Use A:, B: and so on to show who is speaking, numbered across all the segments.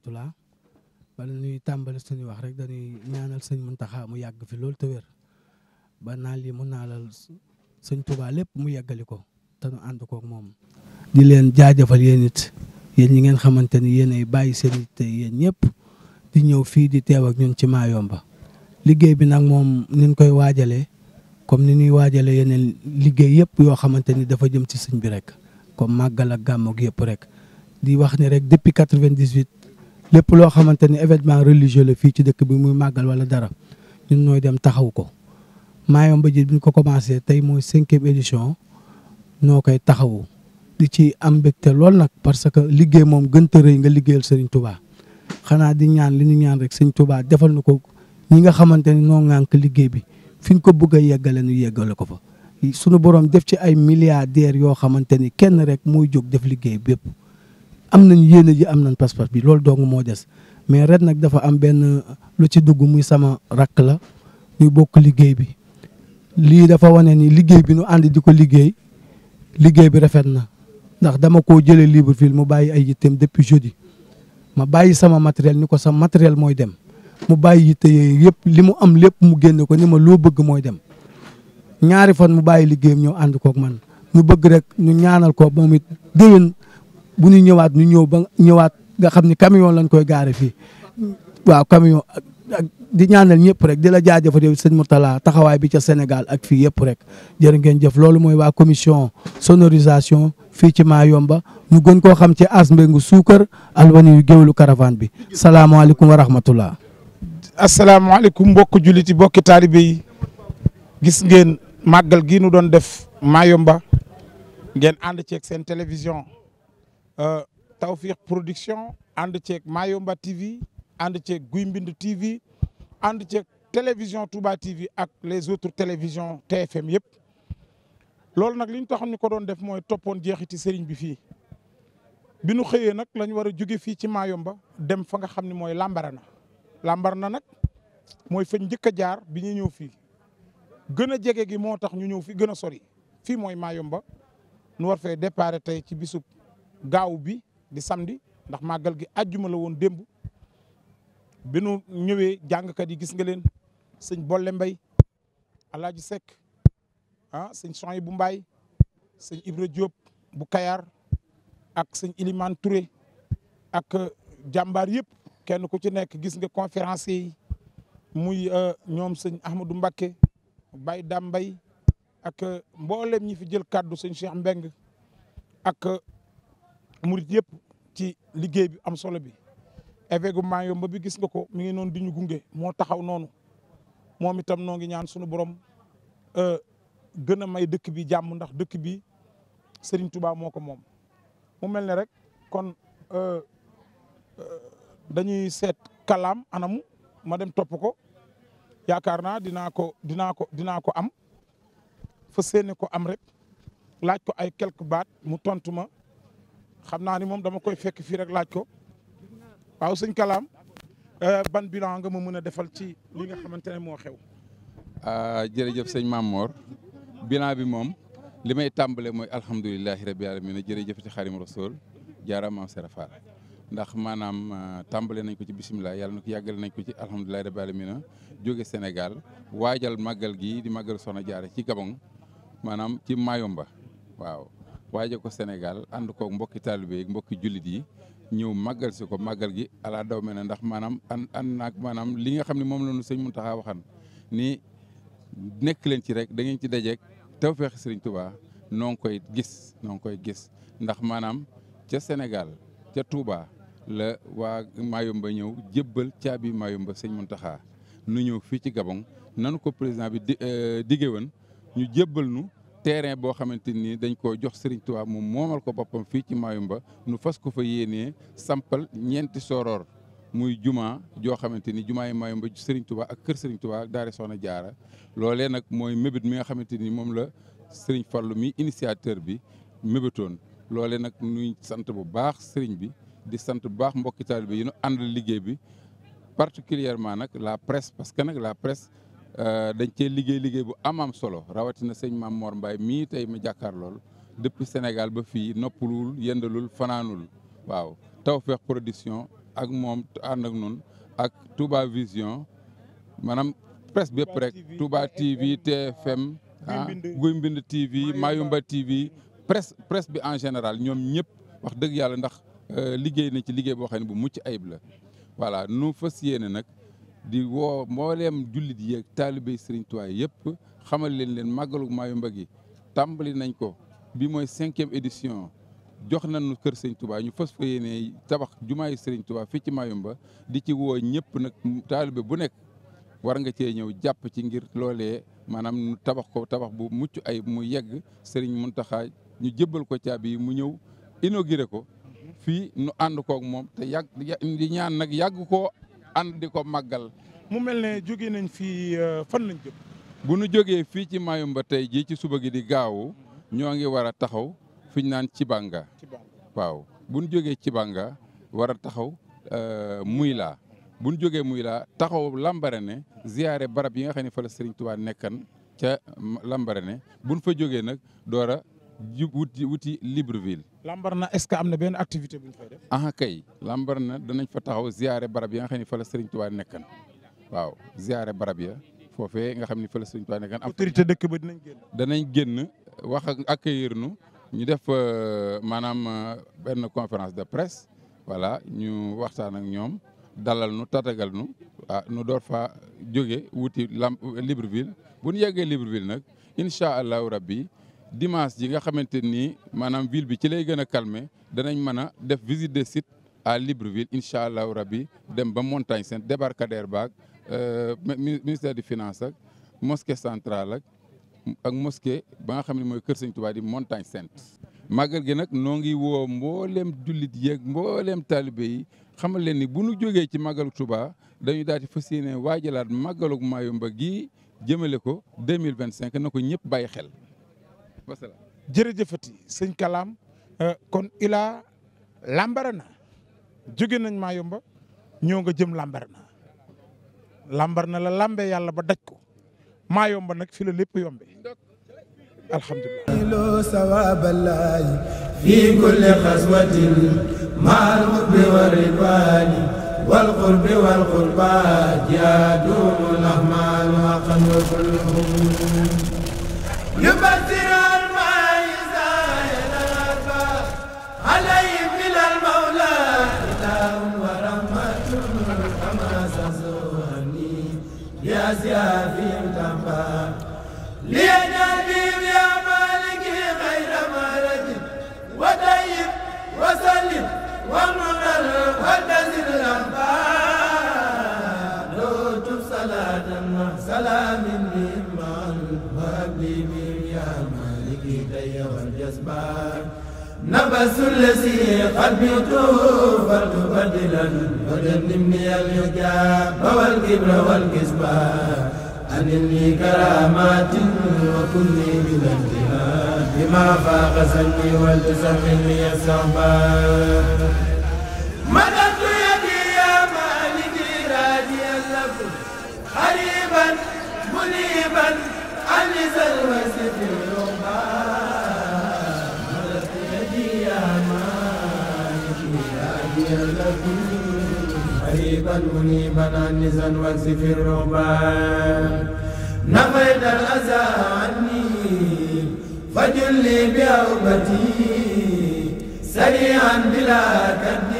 A: rahmatullah bala ñuy tàmbali suñu wax rek dañuy ñaanal sëñ mun Muntaxa mu yàgg fi loolu te wér ba naa yi mu naalal sëñ Tuubaa lépp mu yàggali ko te nu ànd koog moom. di leen jaajëfal yéen it yéen ñi ngeen xamante ni yéen bàyyi seen it te yéen ñëpp di ñëw fii di teew ak ñun ci Mayumba liggéey bi nag moom niñ koy waajalee comme ni ñuy waajalee yeneen liggéey yëpp yoo xamante ni dafa jëm ci sëñ bi rek comme màggal ak gàmm ak yëpp rek di wax ni rek depuis 98. lépp loo xamante ni événement religieux la fii ci dëkk bi muy màggal wala dara ñun ñooy dem taxaw ko Maayom Ba ji bi ko commencé tey mooy cinquième édition noo koy taxawu di ci am lool nag parce que liggéey moom gënta rëy nga liggéeyal Serigne Touba xanaa di ñaan li ñu ñaan rek Serigne tubaa defal na ko ñi nga xamante ni noo ŋànk liggéey bi fi ñu ko bëgg a yeggale nu yeggale ko fa. sunu borom def ci ay milliardaires yoo xamante ni kenn rek mooy jóg def liggéey bépp am nañ yéene ji am nañ pas-pas bi loolu dong moo des mais ret nag dafa am benn lu ci dugg muy sama rakk la ñu bokk liggéey bi lii dafa wane ni liggéey bi nu ànd di ko liggéey liggéey bi rafet na ndax dama koo jëlee fiil mu bàyyi ay yitteem depuis jeudi ma bàyyi sama matériel ni ko sa matériel mooy dem mu bàyyi yitte yooyu yëpp li mu am lépp mu génne ko ni ma loo bëgg mooy dem ñaari fan mu bàyyi liggéey ñoo ànd kook man ñu bëgg rek ñu ñaanal ko moom it déwén bu ñu ñëwaat ñu ñëw ba ñëwaat nga xam ni camion lañ koy gaare fii waaw camion ak di ñaanal ñëpp rek di la jaajëfal yow sëñ Mourtala taxawaay bi ca Sénégal ak fi yëpp rek jërë ngeen jëf loolu mooy waa commission sonorisation fii ci Mayomba ñu gën koo xam ci as mbéngu suukar alwani yu géwlu caravane bi salaamaaleykum wa rahmatullah asalaamaaleykum mbokk
B: julliti mbokki taalibe yi gis ngeen màggal gi nu doon def Mayomba ngeen ànd ceeg seen télévision taw euh, Tawfekh production ànd ceeg Mayomba TV ànd ceeg Guy Mbind TV ànd ceeg télévision Touba TV ak les autres télévisions TFM yëpp. loolu nag li ñu taxoon ñu ko doon def mooy toppoon jeexiti sëriñ bi fii bi nu xëyee nag la ñu war a jóge fii ci Mayomba dem fa nga xam ni mooy Lambarana Lambarana nag mooy fañ njëkk a jaar bi ñu ñëw fii gën a jege gi moo tax ñu ñëw fii gën a sori fii mooy Mayomba nu war fee départ tey ci bisub gaaw bi di samedi ndax màggal gi àjjuma la woon démb bi nu ñëwee jàngkat yi gis nga leen sëñ Bolle Mbay Alaaji sek ah sëñ Soy bu mbay sëñ Ibra Diop bu Kayar ak sëñ Ilimane Touré ak euh, jàmbaar yëpp kenn ku ci nekk gis nga conférencier yi muy euh, ñoom sëñ Ahmadou Mbakke Baye Dam Mbay ak euh, mboolem ñi fi jël kàddu sëñ Cheikh Mbeng ak murit yëpp ci liggéey bi am solo bi évêque bu Mayumba bi gis nga ko mi ngi noonu di ñu gunge moo taxaw noonu moom itam noo ngi ñaan suñu borom euh, gën a may dëkk bi jàmm ndax dëkk bi Serigne Touba moo ko moom. mu mel ne rek kon euh, euh, dañuy seet kalaam anamu ma dem topp ko yaakaar naa dinaa ko dinaa ko dinaa ko am fa séene ko am rek laaj ko ay quelques baat mu tontu ma. xam naa ni moom dama koy fekk fii rek laaj ko waaw sëñ Kalaam euh, ban bilan nga ma mën a defal ci li nga xamante ne moo xew.
C: Ah, jërëjëf sëñ moor bilan bi moom li may tàmbale mooy alhamdulilahi rabi alamina jërëjëf ci xarim rasul jaaraama serafal ndax maanaam euh, tàmbale nañ ko ci bisimilah yàlla na ko yàggale nañ ko ci alhamdulilahi rabi alamina jóge Sénégal waajal màggal gi di màggal soxna jaare ci Gabon maanaam ci Mayomba waaw waaje ko Sénégal ànd kook mbokki taalibe yi mbokki jullit yi ñëw màggal si ko màggal gi alaa daw me ne ndax maanaam an ànd naag maanaam li nga xam ne moom la ñu sëñ Muntaxa waxan ni nekk leen ci rek da ngeen ci dajeek tawfeex Sëriñ Tuubaa noo ngi koy gis noo ngi koy gis ndax maanaam ca Sénégal ca Touba la waa maayum Mayumba ñëw jébbal caabi Mayumba sëñ Muntaxa nu ñëw fii ci Gabon nanu ko président bi di euh, diggé woon ñu jëbbal nu terrain boo xamante ni dañ koo jox Serigne moom moomal ko boppam fii ci ba nu fas ko fa yéenee sampal ñeenti soroor muy juma joo xamante ni jumaa yi Mayumba Serigne Touba ak kër Serigne Touba daare Soxna Jaara loolee nag mooy mébét mi nga xamante ni moom la Serigne Fallou mi initiateur bi mébétoon loolee nag nuy sant bu baax Serigne bi di sant bu baax mbokki taalibe yi nu àndal liggéey bi particulièrement nag la presse parce que nag la presse Euh, dañ cee liggéey liggéey bu amam solo rawatina sëñ Maam Mor Mbaye mii tey mu jàkkaar lool depuis Sénégal ba fii noppalul yendalul fanaanul waaw taw Tawfekh Production ak moom ànd ak nun ak tubaa Vision maanaam presse bépp rek Touba TV TFM ah Guy Mbind TV Mayumba TV presse presse bi en général ñoom ñëpp wax dëgg yàlla ndax euh, liggéey nañ ci liggéey boo xam ne bu mucc ayib la voilà nu fas yéene nag di woo mbooleem jullit yeeg taalibey Serigne Touba yëpp xamal leen leen màggalu Mayumba gi tàmbali nañ ko bi mooy cinquième édition jox nañu kër Serigne Touba ñu fas fa yéene tabax jumaayu Serigne Touba fii ci Mayumba di ci woo ñëpp nag taalibe bu nekk war nga cee ñëw jàpp ci ngir loolee maanaam nu tabax ko tabax bu mucc ay mu yegg Serigne Mountakha ñu jëbbal ko caabi yi mu ñëw inauguré ko fii nu ànd koog moom te yàgg di ñaan nag yàgg koo ànd di ko màggal. mu mel ne jóge nañ fii
B: euh, fan lañ jëm.
C: bu nu jógee fii ci ba tey jii ci suba gi di gaawu ñoo ngi war a taxaw fi ñu ci Cibanga. waaw bu nu jógee Cibanga war a taxaw euh, muy laa bu nu jógee muy laa taxaw ne ziyaare barab yi nga xam ne fa la Serigne Touba nekkan ca Lambaréné bu nu fa jógee nag door a wuti wuti Libreville.
B: Lambarna est-ce que am na benn activité bu ñu def.
C: ah kay Lambarna danañ fa taxaw ziare barab ya nga xam ne fa la Serigne Touba nekkan waaw ziare barab ya foofee nga xam ni fa la Serigne Touba nekkan. autorité dëkk ba dinañ génn. danañ génn wax ak accueillir nu ñu def euh, maanaam euh, benn conférence de presse voilà ñu waxtaan ak ñoom dalal nu tatagal nu ah nu door fa jóge wuti libre Libreville bu ñu yeggee libre Libreville nag incha allahu rabbi dimanche ji nga xamante nii maanaam ville bi ci lay gën a calmer danañ mën a def visite de site à Libreville incha allahu rabbi dem ba montagne sainte débarcadère baag euh, ministère des finances ak mosquée centrale ak ak mosquée ba nga xam ne mooy kër Sëñ Tuubaa di montagne sainte màggal gi nag noo ngi woo mbooleem jullit yeeg mbooleem taalibe yi xamal leen ni bu nu jógee ci màggalu Tuubaa dañu daal di fas yéene waajalaat màggalu Mayumba
B: gi jëmale ko 2025 na ko ñëpp bàyyi xel jërëjëfati sëñ Kalaam euh, kon ilaa Lambarana jóge nañ maa yomba ñoo nga jëm Lambarana Lambarana la lambee yàlla ba daj ko maa yomba nag fi la lépp yombe alhamdulilah
D: fi kulli xaswatin maal hubbi wa wal qurbi الأسياف تنبا لينا البيب يا مالك غير مالك وطيب وسلم ومن الهدز الأنبا لوتف صلاة سلام ممن وابلي يا مالك دي والجزبان نبس الذي قلبته فتبدلا وجنبني الحجاب والكبر والكسبة أنني كرامات وكلي من الجهاد بما فاق سني ولتسمني الصحبة مددت يدي يا مالكي راجيا لكم قريبا منيبا عن ذا الوسط قريبا منيبا انزا واكسف الرهبان نفيت الاذى عني فجل لي بأوبتي سريعا بلا كد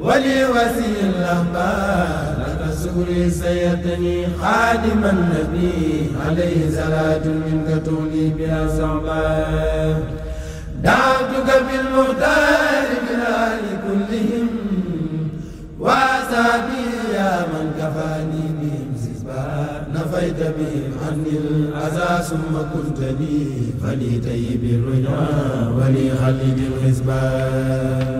D: ولي وسيل الاخبار لك سوري سيتني خادم النبي عليه صلاه منك تولي بها صعبان دعوتك بالمختار من أهل كلهم وأسابي يا من كفاني بهم سسبا نفيت بهم عني الأذى ثم كنت لي فلي طيب
E: الرجاء ولي خليل الحسبان